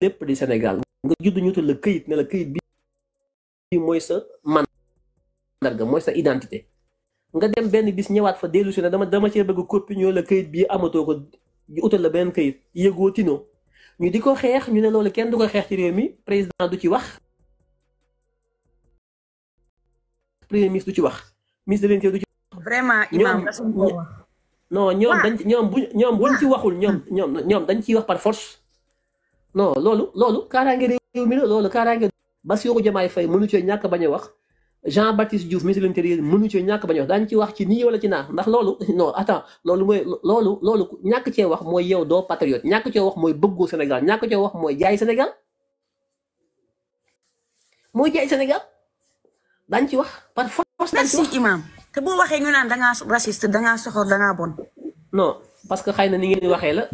lépp di Sénégal nga judd ñu la këyit ne la këyit bi mooy sa mandarga mooy sa identité nga dem benn bis ñëwaat fa dellu si ne dama dama cee bëgg copie ñoo la këyit bii amatoo ko ñu utal la beneen këyit yëgoo tino ñu di ko xeex ñu ne loolu kenn du ko xeex ci réew mi président du ci wax premier ministre du ci wax ministre de l'intérieur du ci wax vraiment imam non ñoom dañ ñoom bu ñoom buñ ñoom ñoom dañ ciy wax par force non loolu loolu kaaraange réew mi la loolu kaaraange Bassirou Diomaye fay mënu cee ñàkk bañ a wax Jean Baptiste Diouf ministre de l'intérieur mënu cee ñàkk bañoo a wax daañu ci wax ci nii wala ci naa ndax loolu non attends loolu mooy loolu loolu ñàkk cee wax mooy yow doo patriote ñàkk cee wax mooy bëggoo Sénégal ñàkk cee wax mooy jaay Sénégal mooy jaay Sénégal daañu ci wax par force daañu ci wax merci imam te boo waxee ñu naan da ngaa raciste da ngaa soxor bon. non parce que xëy na ni ngeen di waxee la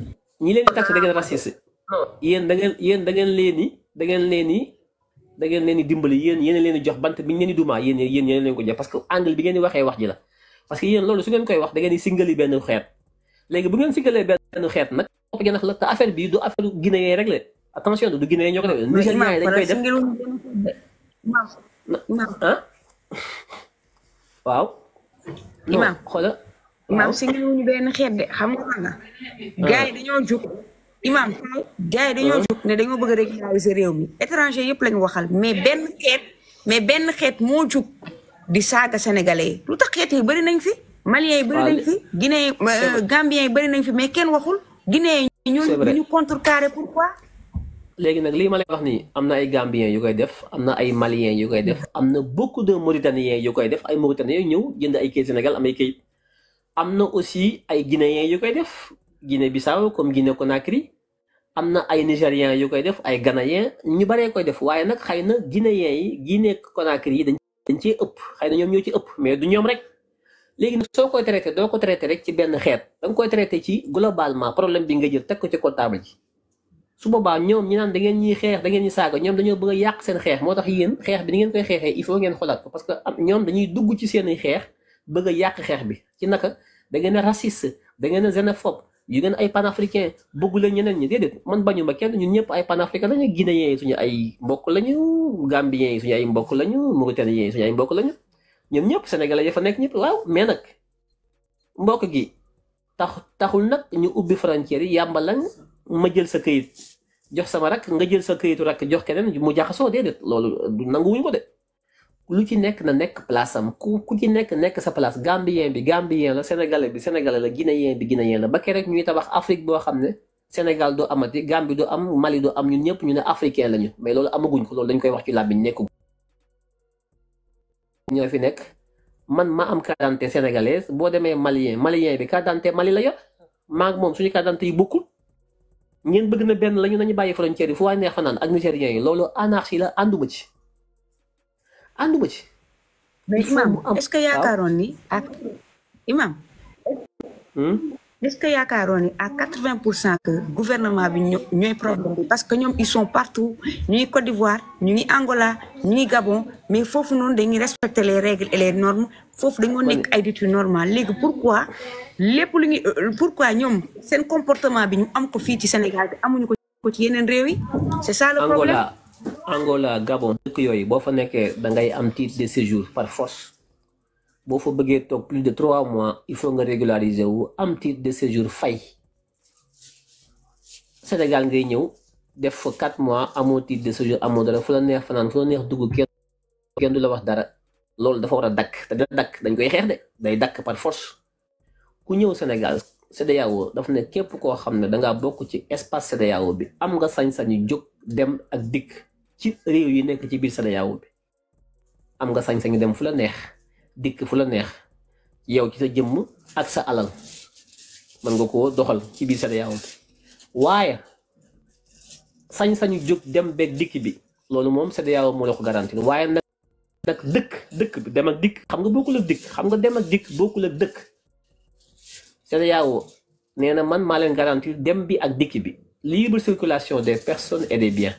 ñi leen di tax da ngeen raciste. dengan da ngeen leni da ngeen dimbeli i da ngeen leen i da ngeen leen dimbali yéen yéen leen jox bant bi ñu leen i dumaa yéen yéen ko jox parce que angle bi ngeen di waxee wax ji la parce que yéen loolu su ngeen koy wax da ngeen di singali benn xeet léegi bu ngeen singalee benn xeet nag bopp gi nag la te affaire bi du affaire Guinée yi rek la attention du Guinée yi ñoo ko def Nigérian dañ koy def ah? waaw imam xoola imam singali wuñu benn xeet de xam nga ah. gars dañoo jóg imam tey gars yi dañoo ah. jóg ne dañoo bëgg a régulariser réew mi étranger yëpp lañu waxal mais benn xeet mais benn xeet moo jóg di saaga sénégalais lu tax xeet yi bëri nañ fi maliens yi bëri ah, nañ fi guinéen euh, fi mais kenn waxul guinéen yi ñooñu ñu contrecarré léegi nag lii ma wax nii am na ay gambiens yu koy def am na ay maliens yu koy def am na beaucoup de mauritaniens yu koy def ay mauritaniens ñëw jënd ay kayit Sénégal am ay kayit am na aussi ay guinéens yu koy def Guinée Bissau comme Guinée Conakry am na ay nigériens yu koy def ay ghanéens ñu baree koy def waaye nag xëy na guinéens yi Guinée Conakry yi dañ dañ cee ëpp xay na ñoom ñoo ci ëpp mais du ñoom rek léegi nag soo koy traité doo ko traité rek ci benn xeet da nga koy traité ci globalement problème bi nga jël teg ko ci comptable ji su boobaa ñoom ñi naan da ngeen ñuy xeex da ngeen ñi saaga ñoom dañoo bëgg yàq seen xeex moo tax yéen xeex bi ni ngeen koy xeexee il faut ngeen xoolaat ko parce que ci seen xeex bëgg yàq xeex bi ci naka da ngeen a da ngeen a xénophobe yeneen ay panafricain bëggu leen ñeneen ñi déedéet man bañu ma kenn ñun ñëpp ay panafricain lañu guinéen yi suñu ay mbokk lañu gambien yi suñu ay mbokk lañu mauritanien yi suñu ay mbokk lañu ñun ñëpp sénégalais yi fa nekk ñëpp waaw mais nag mbokk gi tax taxul nag ñu ubbi frontière yi yàmba lañ ma jël sa këyit jox sama rak nga jël sa këyitu rak jox keneen mu jaxasoo déedéet loolu nanguwuñ ko de lu ci nekk na nekk place am ku ku ci nek nekk sa place gambien bi gambien la sénégalais bi sénégalais la guinéen bi guinéen la ba ke rek ñuy tabax afrique bo xamné sénégal do amati gambi do am mali do am ñun ñëpp ñu né africain lañu mais loolu amaguñ ko loolu dañ koy wax ci labbi nekku ñoo fi nekk man ma am carte sénégalaise bo démé malien malien bi carte mali la yor maag mom suñu carte yi bokkul ñeen bëgg na ben lañu nañu bayyi frontière fu waay neex fanaan ak nigérien yi loolu anarchie la ci ànduma mais imam est-ce que yaakaaroon ni ak imam. Hmm? est-ce que yaakaaroon ni à quatre-vingts que gouvernement bi ñooy problème parce que ñoom ils sont partout ni ngi Côte d'Ivoire ni Angola ni ngi Gabon mais foofu noonu dañuy respecter les règles et les normes foofu dañoo nekk ay nit normal léegi pourquoi lépp lu ñuy euh, pourquoi ñoom comportement bi ñu am ko fii ci Sénégal te amuñu ko c'est ça le problème. Angola Gabon fa am titre de séjour par force si fa veux plus de trois mois il faut régulariser un titre de séjour fay Sénégal ngay ñëw quatre mois un titre de séjour à dara fu la faut fu la kenn du la wax dara de dakk te de par force ku Sénégal CEDEAO ne ci espace CEDEAO bi am nga sañ-sañu dem ak ci réew yi nekk ci biir CEDEAO bi am nga sañ-sañ dem fu la neex dikk fu la neex yow ci sa jëmm ak sa alal mën nga koo doxal ci biir CEDEAO bi waaye sañ-sañu jóg dem beeg dikk bi loolu moom CEDEAO moo la ko garanti waaye nag nag dëkk dëkk bi dem ak dikk xam nga bokkul ak dikk xam nga dem ak dikk bokkul ak dëkk CEDEAO nee na man maa leen garanti dem bi ak dikk bi libre circulation des personnes et des bien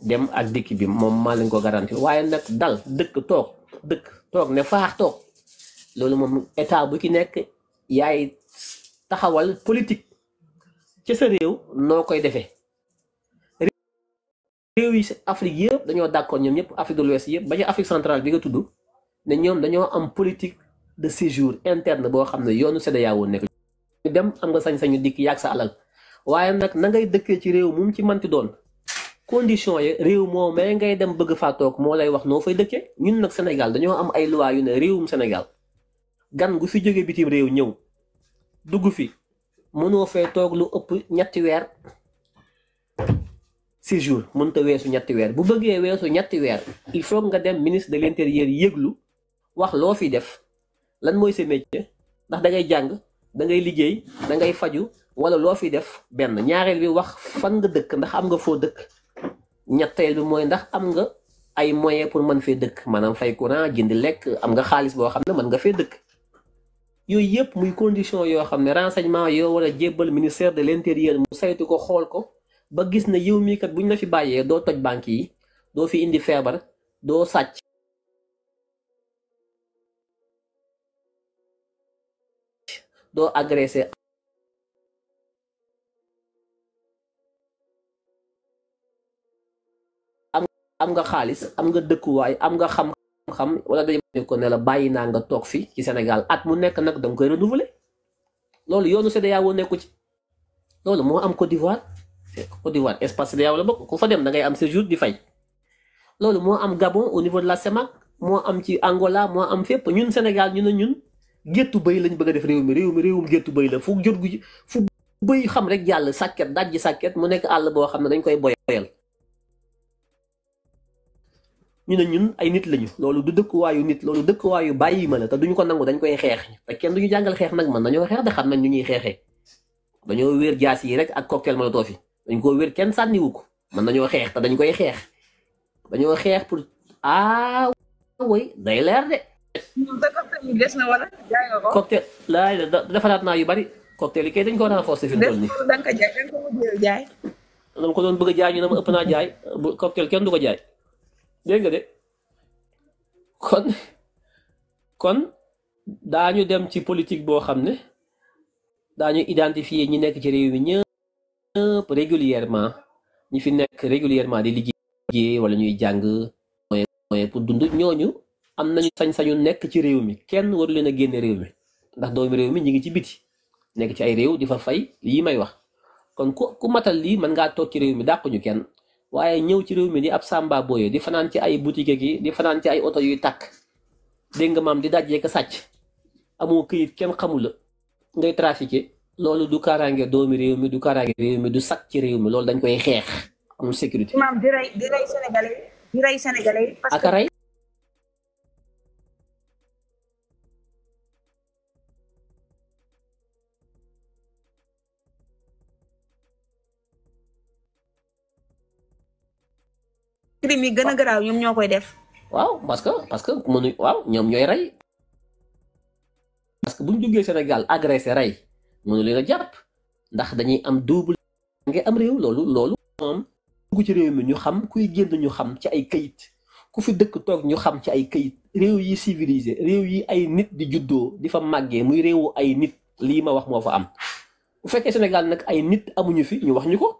dem ak dik bi mom ma ko garanti waye nak dal dekk tok dekk tok ne faax tok loolu mom état bu ki nek yaay taxawal politique ci sa rew noo koy defee réew yi Afrique yeb dañu d'accord ñom ñep Afrique de l'Ouest yeb ba Afrique centrale bi nga tuddu ne ñom dañu am politique de séjour interne bo xam ne yoonu CEDEAO yawo nek dem am nga sañ-sañu dik yak sa alal waye nak na ngay dëkkee ci rew ci manti doon condition yi réew moom mais ngay dem bëgg faa toog moo lay wax noo fay dëkkee ñun nag Sénégal dañoo am ay loi yu ne réewum Sénégal gan gu fi jóge bitim réew ñëw dugg fi mënoo fee toog lu ëpp ñetti weer si jours mënta weesu ñetti weer bu bëggee weesu ñetti weer il faut nga dem ministre de l'intérieur yëglu wax loo fi def lan mooy sa métier ndax dangay jàng dangay liggéey dangay faju wala loo fi def benn ñaareel bi wax fan nga dëkk ndax am nga foo dëkk ñetteel bi mooy ndax am nga ay moyen pour mën fee dëkk maanaam fay courant jënd lekk am nga xaalis boo xam ne mën nga fee dëkk yooyu yëpp muy condition yoo xam ne renseignement yoo war a jébbal ministère de l'intérieur mu saytu ko xool ko ba gis ne yow mii kat buñ la fi bàyyee doo toj banque yi doo fi indi feebar doo sàcc doo agressé am nga xaalis am nga dëkkuwaay am nga xam-xam wala dañu ko ne la bàyyi naa nga toog fii ci Sénégal at mu nekk nag da nga koy renouveler loolu yoonu CEDEAO nekku ci loolu moo am Côte d'Ivoire Côte d'Ivoire espace CEDEAO la bokk ku fa dem da ngay am séjour di fay loolu moo am Gabon au niveau de la CEMAC moo am ci Angola moo am fépp ñun Sénégal ñu ne ñun géttu bëy lañ bëgg a def réew mi réew mi réewum géttu bëy la fu jot gu fu bëy xam rek yàlla sàkket dajji sàkket mu nekk àll boo xam ne dañ koy boyal ñu ne ñun ay nit lañu loolu du dëkkuwaayu nit loolu dëkkuwaayu bàyyi ma la te duñ ko nangu dañ koy xeex te kenn duñu jàngal xeex nag man nañoo xeex de xam nañ ñu ñuy dañoo wéer jaas yi rek ak cocktail molotov yi dañ koo wéer kenn sànniwu ko man nañoo xeex te dañ koy xeex dañoo xeex pour ah woy day leer de des na cocktail laay defaraat naa yu bari cocktail yi kay dañ ko renforcer fi mu toll nii danga ko doon bëgg a jaay ñu na ma ëpp naa jaay cocktail kenn du ko jaay dégg de kon kon daañu dem ci politique boo xam ne daañu identifier ñi nekk ci réew mi ñëpp régulièrement ñi fi nekk régulièrement di liggéey wala ñuy jàng moyen moyen pour dund ñooñu am nañu sañ-sañu nekk ci réew mi kenn waru leen a génne réew mi ndax doomi réew mi ñu ngi ci biti nekk ci ay réew di fa fay yii may wax kon ku ku matal lii mën ngaa toog ci réew mi dàquñu kenn waaye ñëw ci réew mi di ab sàmba booyee di fanaan ci ay boutique gi di fanaan ci ay oto yuy tàkk dégg nga maam di dajee ko sàcc amu këyit kenn xamul la ngay trafiqué loolu du kaaraange doomi réew mi du kaaraange réew mi du sakk ci réew mi loolu dañ koy xeex amul sécurité. di rey di rey rey crime yi gën a garaaw yooyu ñoo koy def. waaw parce que parce que mënu waaw ñoom ñooy rey. parce que bu ñu duggee Sénégal agressé rey mënu leen a jàpp ndax dañuy am double nga am réew loolu loolu am dugg ci réew mi ñu xam kuy génn ñu xam ci ay kayit ku fi dëkk toog ñu xam ci ay kayit réew yi civilisé réew yi ay nit di juddoo di fa màggee muy réewu ay nit lii ma wax moo fa am bu fekkee Sénégal nag ay nit amuñu fi ñu wax ñu ko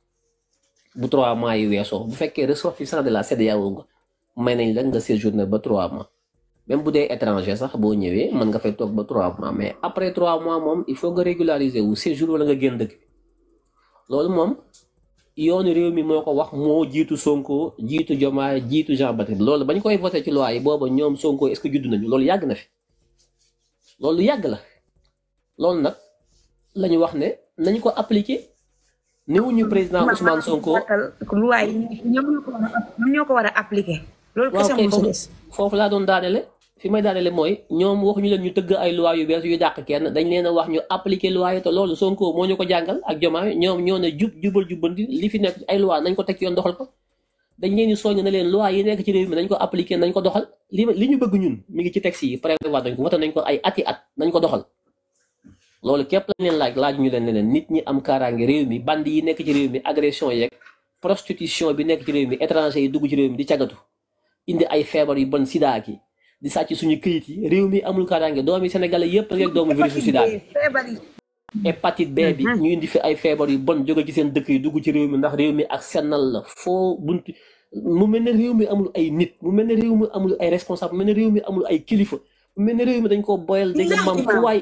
bu e trois mois yi weesoo bu fekkee ressortissant de la CEDEAO nga may nañ la nga séjourné ba trois mois même bu dee étranger sax boo ñëwee mën nga fay toog ba trois mois mais après trois mois moom il faut nga régulariser wu séjour wala nga génn dëkk loolu moom yoonu réew mi moo ko wax moo jiitu Sonko jiitu Diomaye jiitu Jean Baptiste loolu bañ koy voté ci loi yi booba ñoom Sonko est-ce que judd nañu loolu yàgg na fi loolu yàgg la loolu wax ne nañ ko appliquer néewuñu président Ousmane Sonko lu waay ñoom ñoo ko war a ñoom ñoo ko war a foofu laa doon daanele fi may daanele mooy ñoom waxuñu leen ñu tëgg ay loi yu bees yu dàq kenn dañ leen wax ñu appliquer loi yi te loolu Sonko moo ñu ko jàngal ak Jomaay ñoom ñoo ne jub jubal jubbanti li fi nekk ay loi nañ ko teg ci yoon doxal ko dañ leen di ne na leen loi yi nekk ci réew mi nañ ko appliquer nañ ko doxal li ñu bëgg ñun mi ngi ci texte yi prévoir dañ ko wata nañ ko ay ati at nañ ko doxal loolu képp la laaj laaj ñu leen leen nit ñi am kaaraange réew mi band yi nekk ci réew mi agression yeeg prostitution bi nekk ci réew mi étranger yi dugg ci réew mi di cagatu indi feebar yu bon sida ki di sàcc suñu këyit yi réew mi amul kaaraange doomi sénégalais yëpp rek doomu virusu sida bi hépatite B bi mhm. ñu indi fi ay feebar yu bon jóge ci seen dëkk yi dugg ci réew mi ndax réew mi ak sennal la foo bunt mu mel ne réew mi amul ay nit mu mel ne réew mi amul ay responsable mu mel ne réew mi amul ay kilifa mu mel ne réew mi dañ koo boyal dégg maam ku waay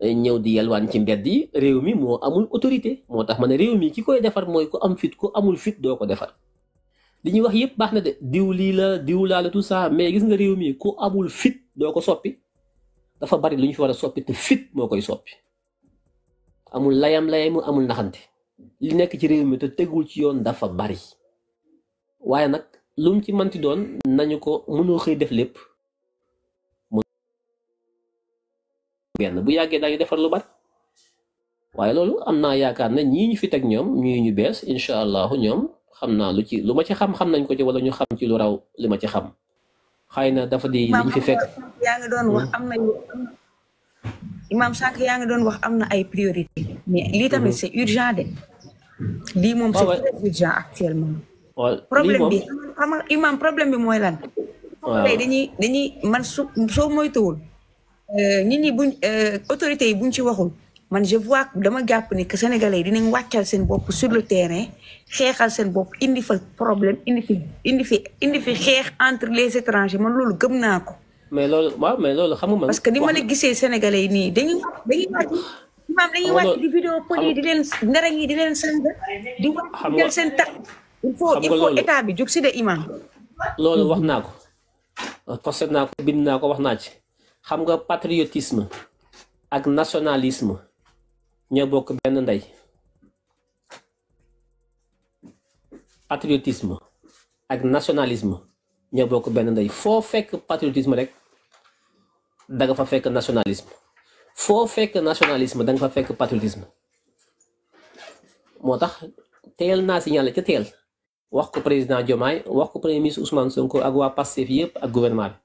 ñëw di yalwaan ci mbedd yi réew mi moo amul autorité moo tax ma ne réew mi ki koy defar mooy ku am fit ku amul fit doo ko defar li ñuy wax yëpp baax na de diw lii la diw laa mais gis nga réew mi ku amul fit doo ko soppi dafa bari lu ñu fi war a soppi te fit moo koy soppi amul layam layam amul naxante li nekk ci réew mi te tegul ci yoon dafa bari waaye nag lum ci manti doon nañu ko mënoo xëy def lépp. benn bu yàggee daa ngi defar lu bari waaye loolu am naa yaakaar ne ñii ñu fi teg ñoom ñii ñu bees incha allahu ñoom xam naa lu ci lu ma ci xam xam nañ ko ci wala ñu xam ci lu raw li ma ci xam xëy na dafa di liñ fi fekk. yaa ngi doon wax am na imam sànq yaa ngi doon wax am na ay priorité mais lii tamit mhm. c'est urgent de. lii moom ah c'est très urgent actuellement. problème bi xam nga imam problème bi mooy lan. waaw dañuy dañuy man su soo moytuwul. Euh, nit ñi buñ euh, autorités yi buñ ci waxul man je vois dama jàpp ni que sénégalais yi dinañ wàccal seen bopp sur le terrain xeexal seen bopp indi fa problème indi fi indi fi indi fi xeex entre les étrangers man loolu gëm naa ko. mais loolu waaw mais loolu xam parce que ni ma la gisee sénégalais nii dañuy dañuy wàcc. maam dañuy wàcc di vidéo poli di leen ndara yi di leen sàng di wàcc seen tax il faut il faut état bi jóg si de imam loolu wax naa ko posté naa ko bind naa ko wax naa ci. xam nga patriotisme ak nationalisme ñoo bokk benn ndey patriotisme ak nationalisme ñoo bokk benn ndey foo fekk patriotisme rek da nga fa fekk nationalisme foo fekk nationalisme da nga fa fekk patriotisme moo tax teel naa signalé ca teel wax ko président Diomaye wax ko premier ministre Ousmane Sonko ak waa Pastef yëpp ak gouvernement bi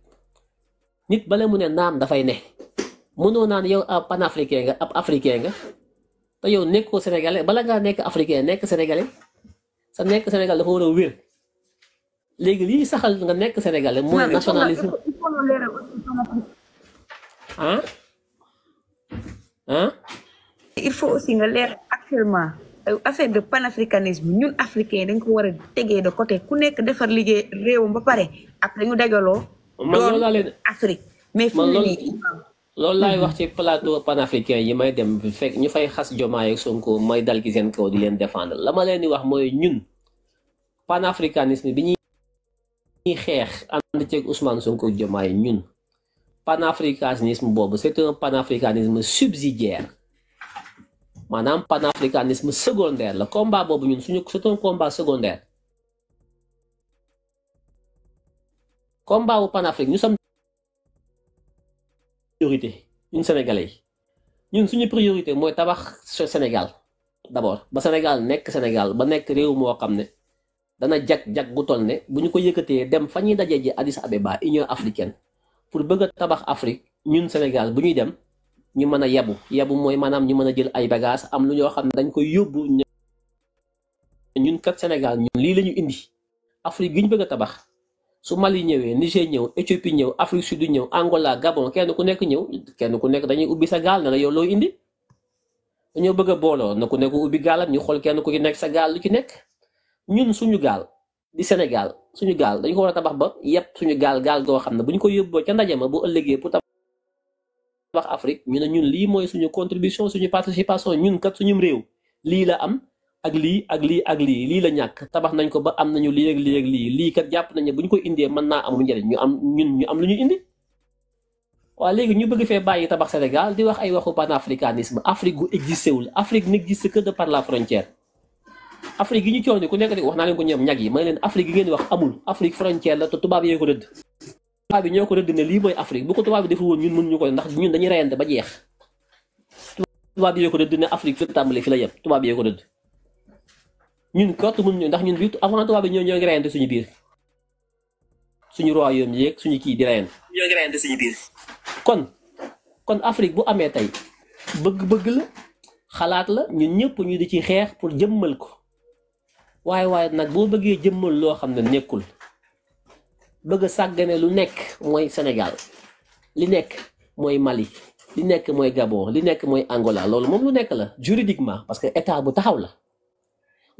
nit bale mu ne naam dafay ne mënoo naan yow a panafricain nga ab africain nga te yow nekkoo sénégalais bala ngaa nekk africain nekk sénégalais sa nekk sénégal dafa war a nga nekk sénégalais mooy nationalisme il faut aussi nga leer actuellement euh, affaire de panafricanisme ñun africain dañ ko war a tegee de coté ku nekk defar liggéey réewam ba pare après ñu dajaloo loolu la leen Afrique loolu laay wax ci plateau panafricain yi may dem fekk ñu fay xas Diomaye ak Sonko may dal ci seen kaw di leen défendre la ma leen di wax mooy ñun panafricanisme bi ñuy xeex ànd ceeg Ousmane Sonko ak Diomaye ñun panafricanisme boobu c'est un panafricanisme subsidiaire maanaam panafricanisme secondaire la combat boobu ñun suñu c'est combat secondaire combat au panafrique nous sommes priorité une sénégalais ñun suñu priorité mooy tabax sénégal d'abord ba sénégal nek sénégal ba nek réew moo dana jak jak bu toll ne ko dem fa ñuy adis ji Addis Abeba Union africaine pour bëgg a tabax Afrique ñun Sénégal bu ñuy dem ñu mëna yabu yabu moy manam ñu mëna jël ay bagage am lu dañ ko yobbu ñun kat Sénégal ñun li lañu indi Afrique gi bëgg tabax su Mali ñëwee Niger ñëw Éthiopie ñëw Afrique Sud ñëw Angola Gabon kenn ku nekk ñëw kenn ku nekk dañuy ubbi sa gaal na la yow loo indi dañoo bëgg a booloo na ku nekk ubbi gaalam ñu xool kenn ku ci nekk sa gaal lu ci nekk ñun suñu gaal di Sénégal suñu gaal dañ ko war a tabax ba yépp suñu gaal gaal goo xam ne bu ñu ko yóbboo ca ndaje ma bu ëllëgee pour tabax Afrique ñu ne ñun lii mooy suñu contribution suñu participation ñun kat suñum réew lii la am ak lii ak lii ak lii lii la ñàkk tabax nañ ko ba am nañu lii ak lii lii kat jàpp nañ ne bu ñu ko indee mën naa amul njëriñ ñu am ñun ñu am lu ñu indi waaw léegi ñu bëgg fee bàyyi tabax Sénégal di wax ay waxu panafricanisme Afrique gu existé wul Afrique n'existe que de par la frontière Afrique yi ñu coono ku nekk de wax naa leen ko ñoom ñag yi ma leen Afrique yi ngeen wax amul Afrique frontière la te tubaab yee ko rëdd. tubaab yi ñoo ko rëdd ne lii mooy Afrique bu ko tubaab yi deful woon ñun mënuñu ko ndax ñun dañuy reyante ba jeex tubaab yee ko rëdd ne Afrique fi tàmbali fi la yem tubaab yee ko ñun kott ñu ndax ñun bi avant tubaab bi ñoo ñoo ngi suñu biir suñu royaume yeeg suñu ki di rayen ñoo ngi suñu biir kon kon afrique bu amé tay bëgg-bëgg la xalaat la ñun ñëpp ñu di ci xex pour jëmmal ko waaye waaye nak bo bëggee jëmmal lo xamne nekkul bëgg sagane lu nekk moy sénégal li nekk moy mali li nekk moy gabon li nekk moy angola loolu moom lu nekk la juridiquement parce que état bu taxaw la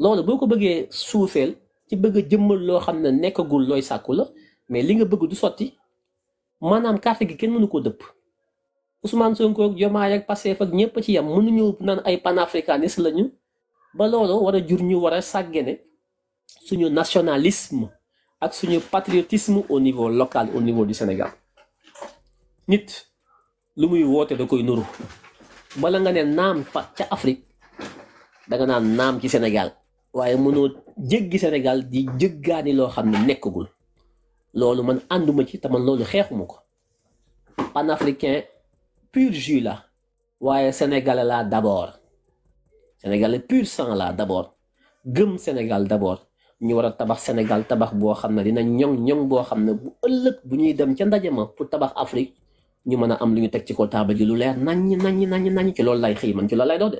loolu boo ko bëggee suufeel ci bëgg jëmmal loo xam ne nekkagul looy sàkku la mais li nga bëgg du sotti maanaam carte gi kenn mënu ko dëpp Ousmane Sonko ak Diomaye ak Pastef ak ñëpp ci yam mënuñu naan ay panafricanis lañu ba loolu war a jur ñu war a sàggene suñu nationalisme ak suñu patriotisme au niveau local au niveau du Sénégal nit lu muy woote da koy nuru bala nga ne naam ca Afrique da nga naan naam ci Sénégal waaye mënoo jéggi Sénégal di jëggaani loo xam ne nekkagul loolu man ànduma ci tama loolu xeexuma ko panafricain pur jus la waaye sénégalais laa d'abord sénégalais pur sang laa d'abord gëm Sénégal d'abord ñu war a tabax Sénégal tabax boo xam ne dina ñoŋ ñoŋ boo xam ne bu ëllëg bu ñuy dem ca ndaje ma pour tabax Afrique ñu mën a am lu ñu teg ci ko taabal ji lu leer naññ naññ naññ naññ ci loolu lay xëy man ci loolu lay dox de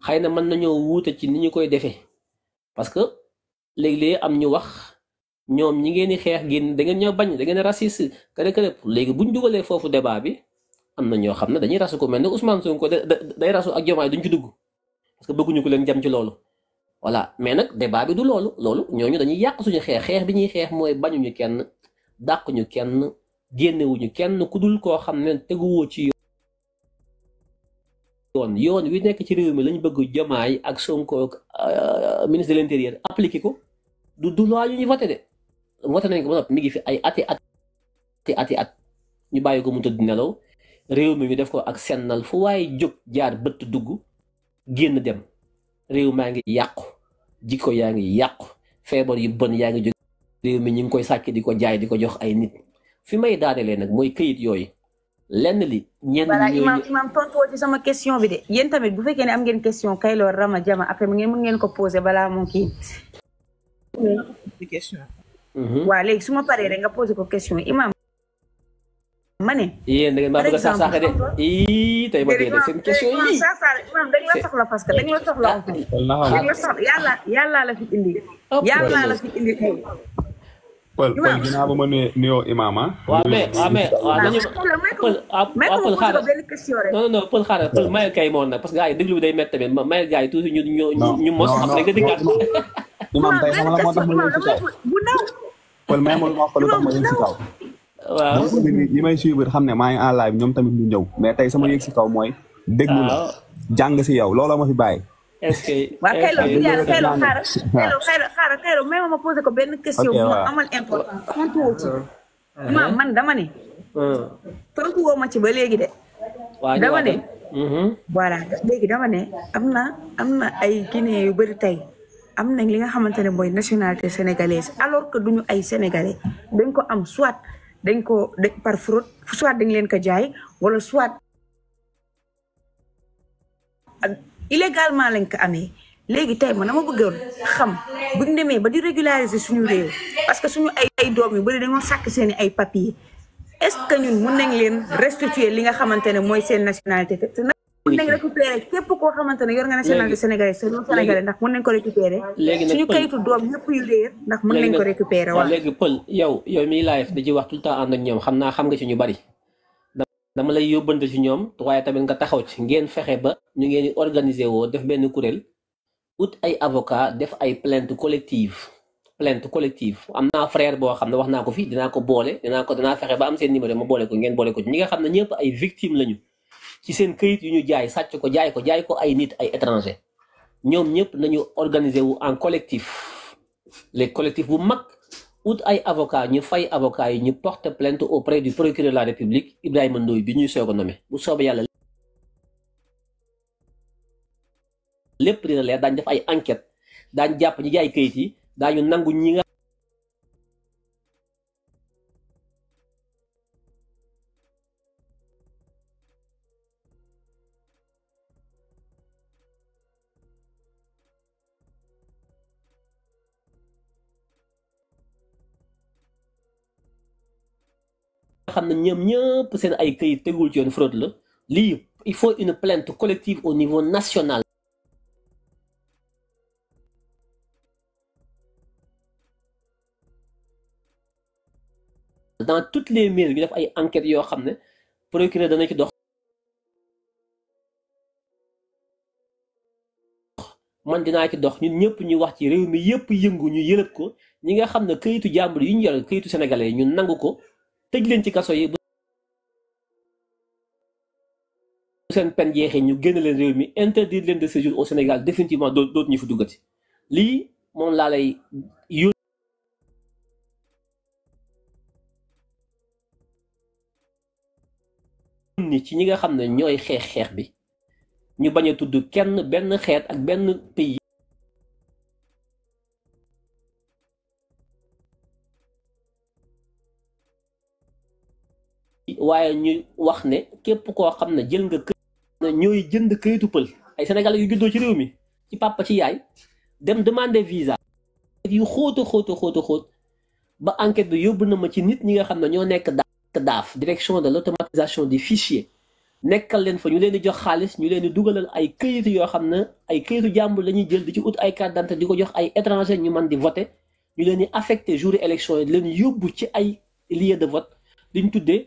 xëy na mën na nañoo wuute ci ni ñu koy defee parce que léegi-léegi am ñu wax ñoom ñi ngeen di xeex génn dangeen ngeen ñoo bañ da ngeen raciste kërë kërë léegi bu ñu dugalee foofu débat bi am na ñoo xam ne dañuy rasu ko mel ne Ousmane Sonko day rasu ak Diomaye duñ ci dugg parce bëgguñu ko leen jam ci loolu. voilà mais nag débat bi du loolu loolu ñooñu dañuy yàq suñu xeex xeex bi ñuy xeex mooy bañuñu kenn dàquñu kenn génnewuñu kenn ku dul koo xam ne teguwoo ci yoon yoon wi nekk ci réew mi lañ bëgg Diomaye ak Sonko ak euh, ministre de l'intérieur appliqué ko du du ñu ñu voté de voté nañ ko ba noppi mi ngi fi ay ati at ati ati at ñu bàyyi ko mu tëdd nelaw réew mi ñu def ko ak sennal fu waaye jóg jaar bëtt dugg génn dem réew maa ngi yàqu jikko yaa ngi yàqu feebar yu bon yaa ngi jóg réew mi ñu ngi koy sàcc di ko jaay di ko jox ay nit fi may daanelee nag mooy këyit yooyu lenn li ñenn voilà imam imam tontoo ci sama question bi de yéen tamit bu fekkee ne am ngeen question Kaylor Rama Jama après mu ngeen mën ngeen ko posé balaa moo kii question mhm. waaw léegi su ma paree rek nga posé ko question imam ma ne yéen da ngeen maa bëgg a sax sax de ii tey ma dee de seen question yi sax sax imam dañ la soxla parce que dañ la soxla ah, dañ la soxla yàlla yàlla la fi indi ah, yàlla la ah. fi indi pël pël ginnaaw ba ma nuyoo imaam ah. waaw mais waaw mais waaw nañu. Ah, ah, nag parce que gars yi déglu bi day métti tamit ñu mos. xam la moo tax ma si kaw. pël may ma lu ma wax lu tax mais tey sama yëg si kaw mooy. déglu la jàng si yow looloo ma fi bàyyi. est-ce que waaw Kaylo yàlla Kaylo xaaral Kaylo xaaral Kaylo ma posé ko benn question bu ma amal important tontu woo man dama ne tontu woo ma ci ba léegi de dama ne voilà léegi dama ne am na am na ay Guinée yu bëri tey am na li nga xamante ne mooy nationalité sénégalaise alors que duñu ay sénégalais dañ ko am soit dañ ko par fraude soit dañ leen ko jaay wala soit illégalement lañ ko amee léegi tey man ma bëggoon xam bu ñu demee ba di régulariser suñu réew parce que su ay ay doom yu bëri dañoo sàkk seen i ay papiers est ce que ñun mun nañ leen restituer li nga xamante ne mooy seen nationalité te nag mun nañ récupérer képp koo xamante ne yor nga nationalité sénégalais te non sénégalais ndax mun nañ ko récupérer suñu kayitu doom yëpp yu réer ndax mun nañ ko récupérer waaw léegi pël yow yow miy live di ci wax tout le temps ànd ñoom xam naa xam nga ci ñu bari dama lay yóbbante ci ñom waaye tamit nga taxaw ci ngeen fexé ba ñu ngeen di organiser woo def benn courriel out ay avocat def ay plainte collective plainte collective amna frère bo xam waxna ko fi dina ko bolé dina ko dina fexé ba am seen numéro ma bolé ko ngeen bolé ko ñi nga xam ñepp ay victime lañu ci seen keuyit yu ñu jaay sàcc ko jaay ko jaay ko ay nit ay étrangers ñom ñepp nañu organiser wu en collectif les collectifs bu mag ut ay avocat ñu fay avocat yi ñu porte plainte auprès du procureur de la république Ibrahima Ndoye bi ñuy soog nome nommé bu soobee yàlla lépp dina leer def ay enquête daañu jàpp ñi jaay kayit yi daañu nangu ñi xam ne ñoom ñëpp seen ay këyit tegul ci yoon fraude la lii il faut une plainte collective au niveau national dans toutes les mairies ñu def ay enquêtes yoo xam ne procureur dana ci dox man dinaa ci dox ñun ñëpp ñu wax ci réew mi yëpp yëngu ñu yërëb ko ñi nga xam ne këyitu jàmbur yi ñu yor këyitu sénégalais yi ñu nangu ko tëj leen ci kaso yi bu seen peine yeexee ñu génn leen réew mi interdire leen de séjour au Sénégal définitivement doo dootu ñu fi dugati lii moom laa lay yónni ni ci ñi nga xam ne ñooy xeex xeex bi ñu bañ a tudd kenn benn xeet ak benn pays waaye ñu wax ne képp koo xam na jël nga kër ñooy jënd këyitu pël ay sénégalais yu juddoo ci réew mi ci papa ci yaay dem demander visa yu xóota xóota xóota xóot ba enquête bi yóbbu na ma ci nit ñi nga xam ne ñoo nekk daaf direction de l'automatisation di fichiers nekkal leen fa ñu leen di jox xaalis ñu leen di dugalal ay këyitu yoo xam ne ay këyitu jàmbur la ñuy jël di ci ut ay carte di ko jox ay étranger ñu man di voter ñu leen di affecté jour élection yi leen yóbbu ci ay lieu de vote liñ tuddee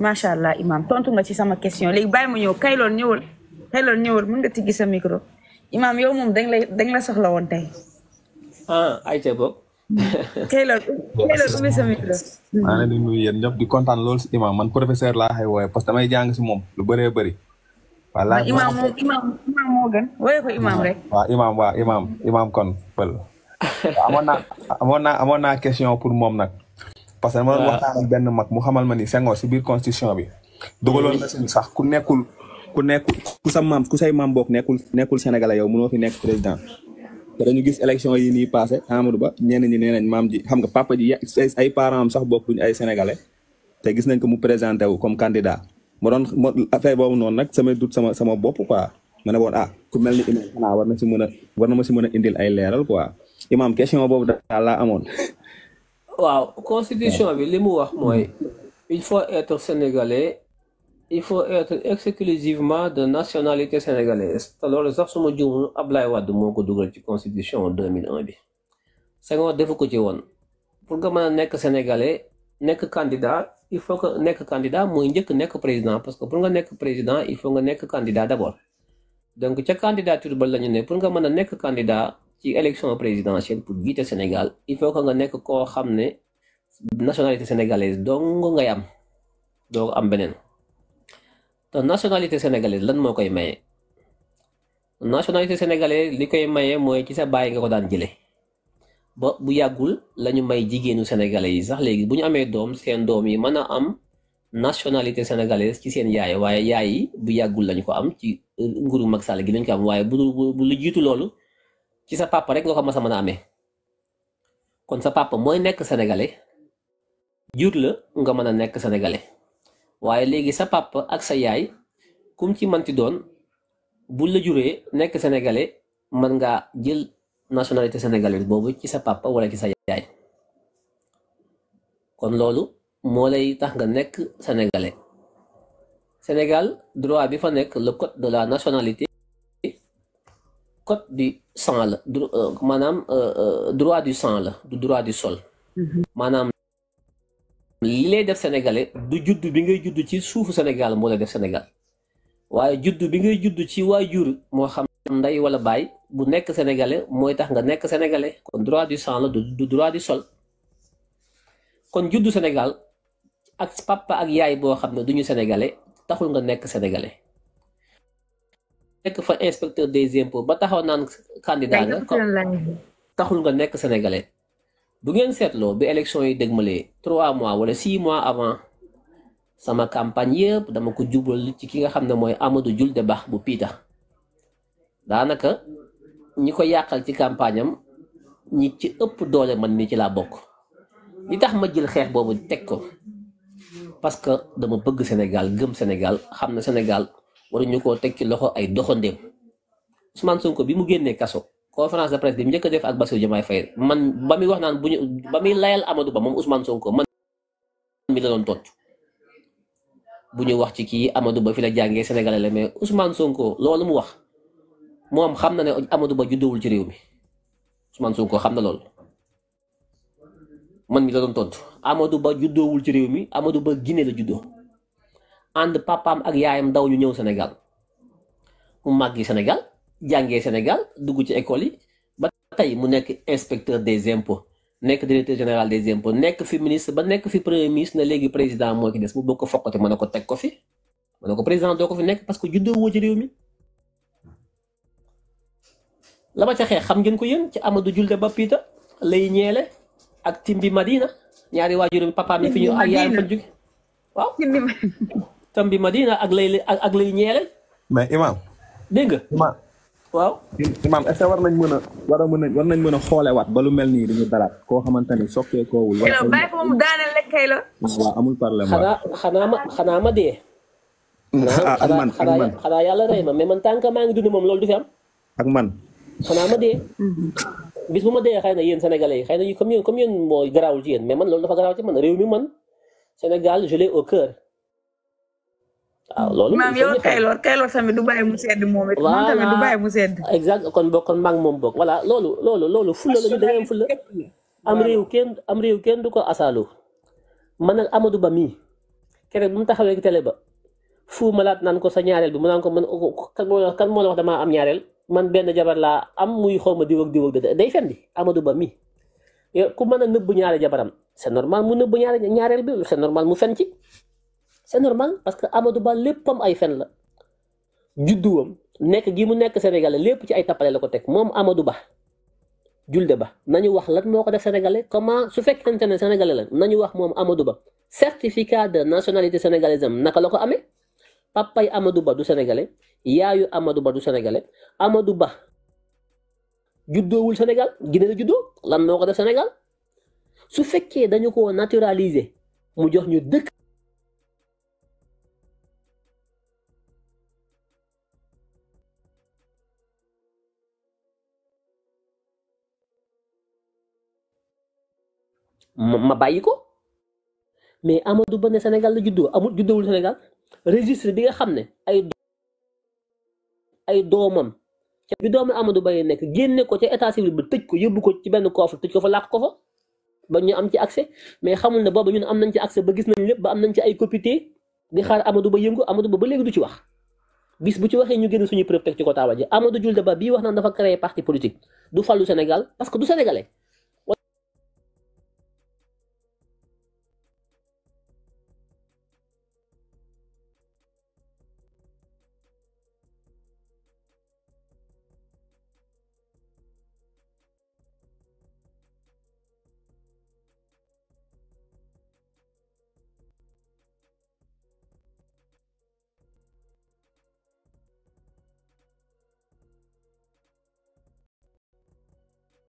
macha allah imam tontu nga ci sama question léegi bàyyi ma ñëw kayloon ñëwal kayloon ñëwal mën nga tijji sa micro imam yow moom dañ lay dañ ah, micro. maa ngi leen di nuyu yéen ñëpp di kontaan loolu si imam man professeur laa xay wooye parce que damay jàng si moom lu baree bëri. voilà imaam moom imaam imaam rek. waaw imaam waaw imaam imaam kon pël. amoon naa amoon naa amoon naa question pour moom nag. parce que man waxtaan ak benn mag mu xamal ma ni Senghor si biir constitution bi. dogaloon na si sax ku nekkul ku nekkul ku sa maam ku say maam bokk nekkul nekkul Sénégalais yow mënoo fi nekk ya, président. te dañu gis élection yi nii passé eh. Amadou Ba ñenn ñi nee nañ maam ji xam nga papa ji ya, ay parents am sax buñ ay sénégalais. te gis nañ eh. ko mu présenté wu comme candidat ma doon affaire boobu noonu nag sama dut sama sama bopp quoi ma ne woon ah ku mel ni nah, imam xanaa war na si mën a war na ma si mën a indil ay leeral quoi imam question boobu daal laa amoon. la constitution bi les mots wax il faut être sénégalais il faut être exclusivement de nationalité sénégalaise alors les sax suma juum Ablaye Wade moo ko ci constitution 2001 bi Senghor défaut ko ci woon pour que je a sénégalais que candidat il faut que nekk candidat mooy njëkk nekk président parce que pour nga nekk président il faut nga nekk candidat d'abord donc chaque candidature ba la ñu pour nga mën candidat ci élection présidentielle pour jiite Sénégal il faut que nga nekk koo xam ne nationalité sénégalaise dong ngay am doo am beneen te nationalité sénégalaise lan moo koy maye nationalité sénégalaise li koy maye mooy ci sa baay nga ko daan jële ba bu yàggul lañu may jigéenu sénégalais yi sax léegi bu ñu amee doom seen doom yi mën a am nationalité sénégalaise ci seen yaay waaye yaay yi bu yàggul lañu ko am ci nguru mag Sall gi lañ ko am waaye bu bu jiitu loolu ci sa papa rek nga ko mës a mën a amee kon sa papa mooy nekk sénégalais jur la nga mën a nekk sénégalais waaye léegi sa papa ak sa yaay kum ci man manti doon bu la juree nekk sénégalais mën ngaa jël nationalité sénégalaise boobu ci sa papa wala ci sa yaay kon loolu moo lay tax nga nekk sénégalais Sénégal droit bi fa nekk le code de la nationalité code du sang la euh, maanaam euh, euh, droit du sang la du droit du sol mhm. maanaam li lay def sénégalais du juddu bi ngay juddu ci suufu sénégal moo def sénégal waaye judd bi ngay judd ci waajur moo xam ndey wala baay bu nekk sénégalais mooy tax nga nekk sénégalais kon droit du sang la du droit du sol kon juddu sénégal ak papa ak yaay boo xam ne duñu sénégalais taxul nga nekk sénégalais Nek fa inspecteur des impôts ba taxaw nan candidat nga taxul nga nek sénégalais bu ngeen seetloo bi élection yi deugmalé 3 mois wala six mois avant sama campagne yëpp dama ko jubal ci ki nga xamné moy amadou Amadou de Bax bu pita danaka ñi ko yàqal ci campagne am ñi ci ëpp doole man ni ci la bok li tax ma jël xex bobu tek ko parce que dama bëgg Sénégal gëm Sénégal Sénégal waruñu koo tek ci loxo ay doxandem Ousmane Sonko bi mu génné kaso conférence de presse bi ñëk def ak Bassirou Diomaye Faye man ba wax naan buñu bami ba layal Amadou Ba mom Ousmane Sonko man mi la doon tot buñu wax ci ki Amadou Ba fi la jàngé Sénégalais la mais Ousmane Sonko loolu mu wax mom xam na ne Amadou Ba juddowul ci réew mi Ousmane Sonko xam na loolu man mi la doon tot Amadou Ba juddowul ci réew mi Amadou Ba guiné la juddoo. ànd papaam ak yaayam ndaw ñu ñëw Sénégal mu màggi Sénégal jàngee Sénégal dugg ci école yi ba tey mu nekk inspecteur des impôts nekk directeur général des impôts nekk fi ministre ba nekk fi premier ministre na léegi président moo ki des mu bëgg ko fokkati mën a ko teg ko fi mën na ko président doo ko fi nekk parce que juddoo woo ci réew mi la ma ca xeex xam ngeen ko yéen ci Amadou Julde Bapita lay ñeele ak Timbi Madina ñaari waajur papaam yi fi ñu ak yaayam fa jóge tam bi Madina ak lay ak lay ñeeleel. mais Imaam. dégg nga Imaam. waaw. Imaam est-ce que war nañ mën a. war a mën a war nañ mën a xoolewaat ba lu mel nii dañu koo xamante ni sokkee koowul. wala bàyyi ko mu daaneel la. waaw amul problème xanaa xanaa ma xanaa ma dee. Mm, ah, ak man ak man xanaa yàlla rey ma mais man tant que maa moom loolu du fi am. dee. Mm-hmm. bis ma dee xëy na yeen sénégalais yi xëy na comme yéen comme yéen mooy garaawul ci yéen mais man loolu dafa garaaw ci man réew mi man Sénégal je au cœur waaw ah, loolu. maam yow Kaylor Kaylor tamit du bàyyi mu sedd moom it. moom tamit du bàyyi mu sedd. exact kon bokk kon mag moom bokk voilà loolu loolu loolu fulla la ñu da ngay fulla am réew kenn am réew kenn du ko asaalu man nag Amadou Ba mii keroog bu mu taxawee télé ba fu malaat naan ko sa ñaareel bi mu naan ko man kan moo la kan moo la wax damaa am ñaareel man benn jabar laa am muy xaw ma diw ak day fen Amadou Ba mii ku mën a nëbbu ñaari jabaram c'est normal mu nëbbu ñaari ñaareel bi c'est normal mu fen ci c'est normal parce que amadou ba leppam ay fen la judduwam nek gi mu nek sénégalais lepp ci ay tapalé lako tek mom amadou ba julde ba nañu wax lan moko def sénégalais comment su fekkante ne sénégalais la nañu wax mom amadou ba certificat de nationalité sénégalaise am naka la ko amee papay amadou ba du sénégalais yaayu amadou ba du sénégalais amadou ba sénégal la lan moko def sénégal su dañu ko naturaliser mu jox ñu dëkk ma bàyyi ko mais Amadou Ba ne Sénégal la juddoo amul juddowul Sénégal registre bi nga xam ne ay ay doomam ca bi doomu Amadou Ba yi nekk génne ko ca état civil ba tëj ko yóbbu ko ci benn coffre tëj ko fa làq ko fa ba ñu am ci ci accès ba gis nañ lépp ba am nañ ci ay copité di xaar Amadou Ba yëngu Amadou Ba ba léegi du ci wax bis bu ci waxee ñu génn suñu preuve teg ci ko taabal ji Amadou Diouldé Ba bii wax naan dafa créer parti politique du fàllu Sénégal parce que du sénégalais